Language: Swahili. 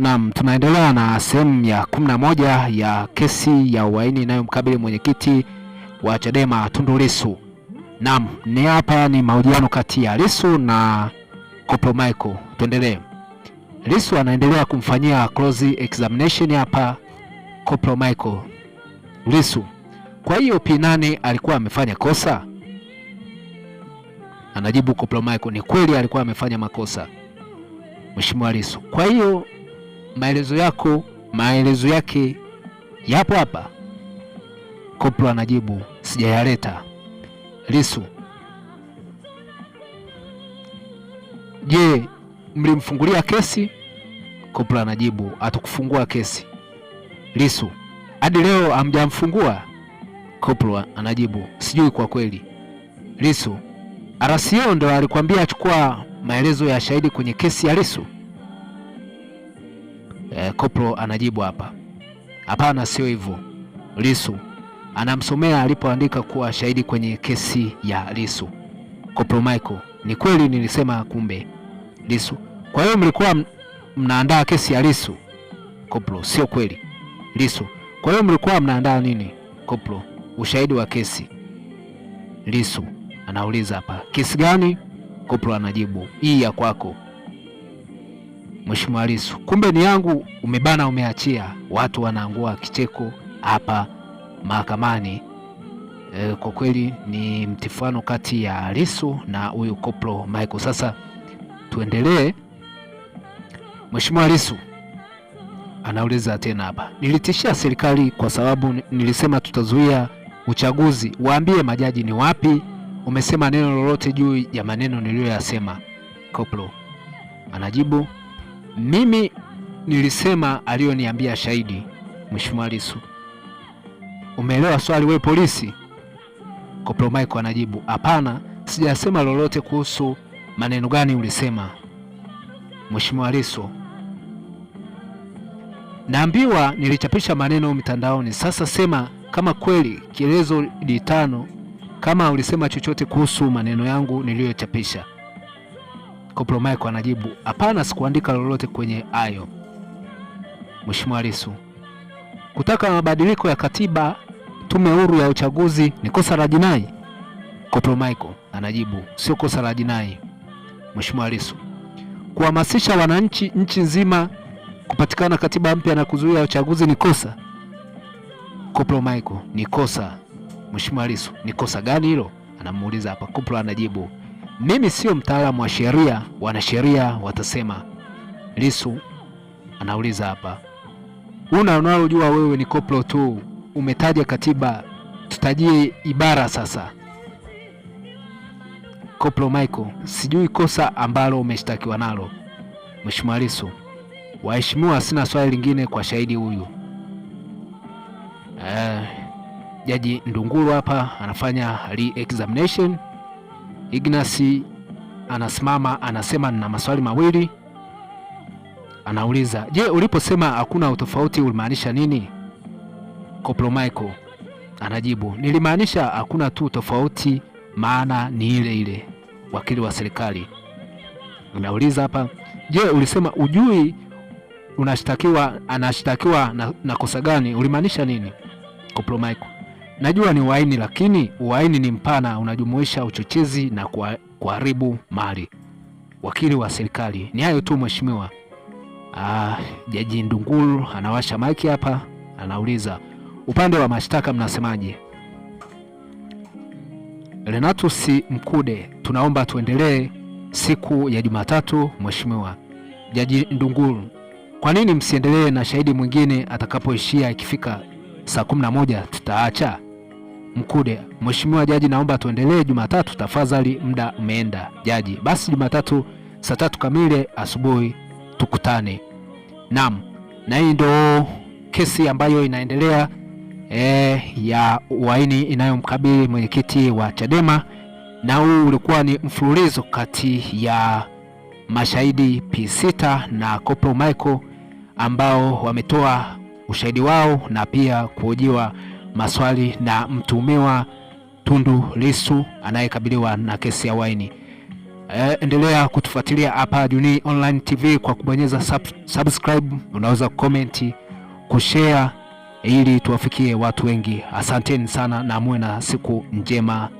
Naam, tunaendelea na sehemu ya kumi na moja ya kesi ya uhaini inayomkabili mwenyekiti wa Chadema Tundu Lissu. Naam, ni hapa ni mahojiano kati ya Lissu na Kopo Michael. Tuendelee. Lissu anaendelea kumfanyia close examination hapa Kopo Michael. Lissu, kwa hiyo P8 alikuwa amefanya kosa? Anajibu Kopo Michael, ni kweli alikuwa amefanya makosa. Mheshimiwa Lissu, kwa hiyo maelezo yako, maelezo yake yapo hapa. Koplo anajibu sijayaleta. Lisu: Je, mlimfungulia kesi? Koplo anajibu hatukufungua kesi. Lisu: hadi leo hamjamfungua? Koplo anajibu sijui kwa kweli. Lisu: RCO ndo alikwambia achukua maelezo ya shahidi kwenye kesi ya Lisu? Eh, koplo anajibu hapa, hapana, sio hivyo. Lisu anamsomea alipoandika kuwa shahidi kwenye kesi ya Lisu. Koplo Michael, ni kweli nilisema. Kumbe Lisu, kwa hiyo mlikuwa mnaandaa kesi ya Lisu? Koplo, sio kweli. Lisu, kwa hiyo mlikuwa mnaandaa nini? Koplo, ushahidi wa kesi. Lisu anauliza hapa, kesi gani? Koplo anajibu, hii ya kwako. Mheshimiwa Lissu, kumbe ni yangu umebana, umeachia watu wanaangua kicheko hapa mahakamani. E, kwa kweli ni mtifano kati ya Lissu na huyu Koplo Michael. Sasa tuendelee. Mheshimiwa Lissu anauliza tena hapa, nilitishia serikali kwa sababu nilisema tutazuia uchaguzi, waambie majaji ni wapi. Umesema neno lolote juu ya maneno niliyoyasema? Koplo anajibu mimi nilisema aliyoniambia shahidi Mheshimiwa Lissu. Umeelewa swali we polisi? Koplo Michael anajibu, hapana, sijasema lolote kuhusu maneno gani ulisema. Mheshimiwa Lissu, naambiwa nilichapisha maneno mtandaoni. Sasa sema kama kweli, kielezo ditano, kama ulisema chochote kuhusu maneno yangu niliyochapisha. Koplo Michael anajibu hapana, sikuandika lolote kwenye hayo. Mheshimiwa Lissu, kutaka mabadiliko ya katiba tume huru ya uchaguzi ni kosa la jinai? Koplo Michael anajibu sio kosa la jinai. Mheshimiwa Lissu, kuhamasisha wananchi nchi nzima kupatikana katiba mpya na kuzuia uchaguzi ni kosa? Koplo Michael, ni kosa. Mheshimiwa Lissu, ni kosa gani hilo? Anamuuliza hapa. Koplo anajibu mimi sio mtaalamu wa sheria, wanasheria watasema. lisu anauliza hapa, una unalojua wewe ni koplo tu, umetaja katiba, tutajie ibara sasa. Koplo Michael, sijui kosa ambalo umeshtakiwa nalo. Mheshimiwa lisu waheshimiwa, sina swali lingine kwa shahidi huyu. Uh, Jaji Ndunguru hapa anafanya re-examination Ignasi anasimama anasema, nina maswali mawili. Anauliza, je, uliposema hakuna utofauti ulimaanisha nini? Koplo Michael anajibu, nilimaanisha hakuna tu tofauti, maana ni ile ile. Wakili wa serikali anauliza hapa, je, ulisema ujui unashtakiwa anashtakiwa na, na kosa gani? Ulimaanisha nini? Koplo Michael Najua ni uhaini, lakini uhaini ni mpana, unajumuisha uchochezi na kuharibu mali. Wakili wa serikali. Ni hayo tu mheshimiwa. Ah, Jaji Ndunguru anawasha maiki hapa, anauliza upande wa mashtaka mnasemaje? Renatus Mkude, tunaomba tuendelee siku ya Jumatatu mheshimiwa. Jaji Ndunguru, kwa nini msiendelee na shahidi mwingine atakapoishia ikifika saa 11 tutaacha? Mkude, Mheshimiwa Jaji, naomba tuendelee Jumatatu tafadhali, muda umeenda. Jaji, basi Jumatatu saa tatu kamili asubuhi tukutane. Naam, na hii ndo kesi ambayo inaendelea e, ya uhaini inayomkabili mwenyekiti wa Chadema, na huu ulikuwa ni mfululizo kati ya mashahidi P6 na Kopo Michael ambao wametoa ushahidi wao na pia kuhojiwa maswali na mtuhumiwa Tundu Lissu anayekabiliwa na kesi ya waini. E, eh, endelea kutufuatilia hapa Junii Online TV kwa kubonyeza sub, subscribe. Unaweza comment kushare ili tuwafikie watu wengi. Asanteni sana na muwe na siku njema.